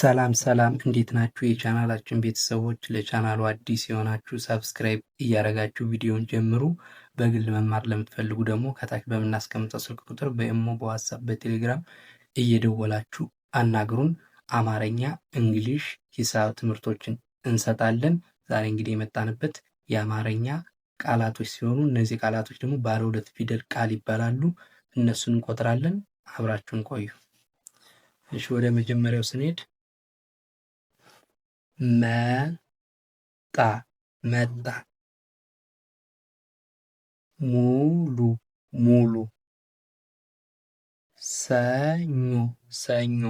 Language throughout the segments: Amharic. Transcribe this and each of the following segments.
ሰላም ሰላም እንዴት ናችሁ? የቻናላችን ቤተሰቦች ለቻናሉ አዲስ የሆናችሁ ሰብስክራይብ እያደረጋችሁ ቪዲዮን ጀምሩ። በግል መማር ለምትፈልጉ ደግሞ ከታች በምናስቀምጠው ስልክ ቁጥር በኢሞ፣ በዋትሳፕ፣ በቴሌግራም እየደወላችሁ አናግሩን። አማርኛ፣ እንግሊሽ፣ ሂሳብ ትምህርቶችን እንሰጣለን። ዛሬ እንግዲህ የመጣንበት የአማርኛ ቃላቶች ሲሆኑ እነዚህ ቃላቶች ደግሞ ባለ ሁለት ፊደል ቃል ይባላሉ። እነሱን እንቆጥራለን። አብራችሁን ቆዩ። እሺ ወደ መጀመሪያው ስንሄድ መጣ መጣ ሙሉ ሙሉ ሰኞ ሰኞ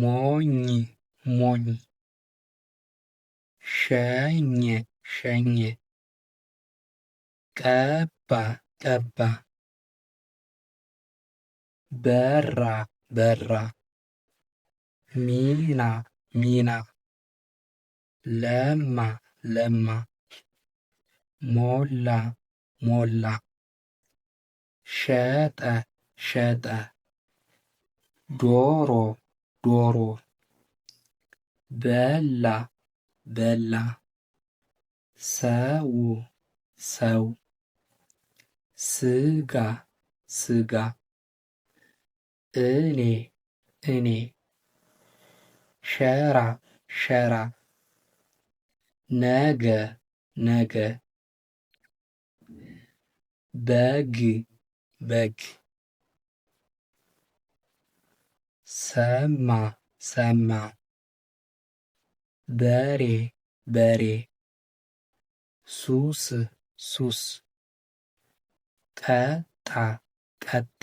ሞኝ ሞኝ ሸኘ ሸኘ ቀባ ቀባ በራ በራ ሚና ሚና ለማ ለማ ሞላ ሞላ ሸጠ ሸጠ ዶሮ ዶሮ በላ በላ ሰው ሰው ስጋ ስጋ እኔ እኔ ሸራ ሸራ ነገ ነገ በግ በግ ሰማ ሰማ በሬ በሬ ሱስ ሱስ ቀጣ ቀጣ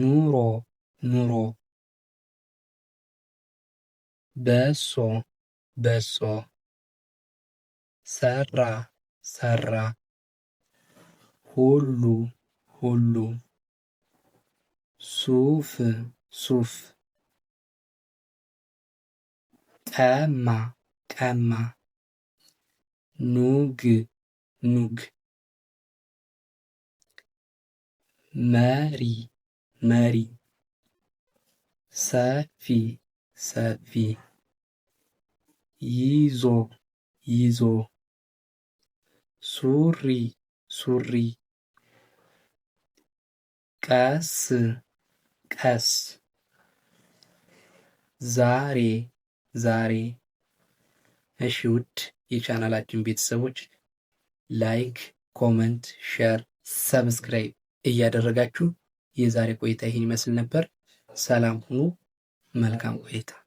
ኑሮ ኑሮ በሶ በሶ ሰራ ሰራ ሁሉ ሁሉ ሱፍ ሱፍ ቀማ ቀማ ኑግ ኑግ መሪ መሪ ሰፊ ሰፊ ይዞ ይዞ ሱሪ ሱሪ ቀስ ቀስ ዛሬ ዛሬ እሺ ውድ የቻናላችን ቤተሰቦች ላይክ፣ ኮመንት፣ ሼር፣ ሰብስክራይብ እያደረጋችሁ የዛሬ ቆይታ ይህን ይመስል ነበር። ሰላም ሁኑ። መልካም ቆይታ